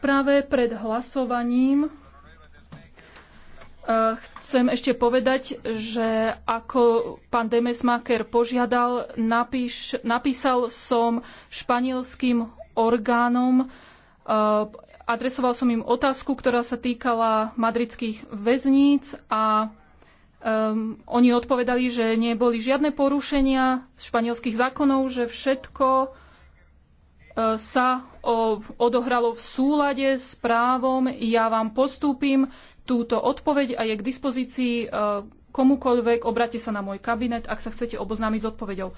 rozprave pred hlasovaním e, chcem ešte povedať, že ako pán Demesmaker požiadal, napíš, napísal som španielským orgánom, e, adresoval som im otázku, ktorá sa týkala madridských väzníc a Um, oni odpovedali, že neboli žiadne porušenia španielských zákonov, že všetko sa odohralo v súlade s právom. Ja vám postúpim túto odpoveď a je k dispozícii e, komukoľvek. Obrate sa na môj kabinet, ak sa chcete oboznámiť s odpoveďou.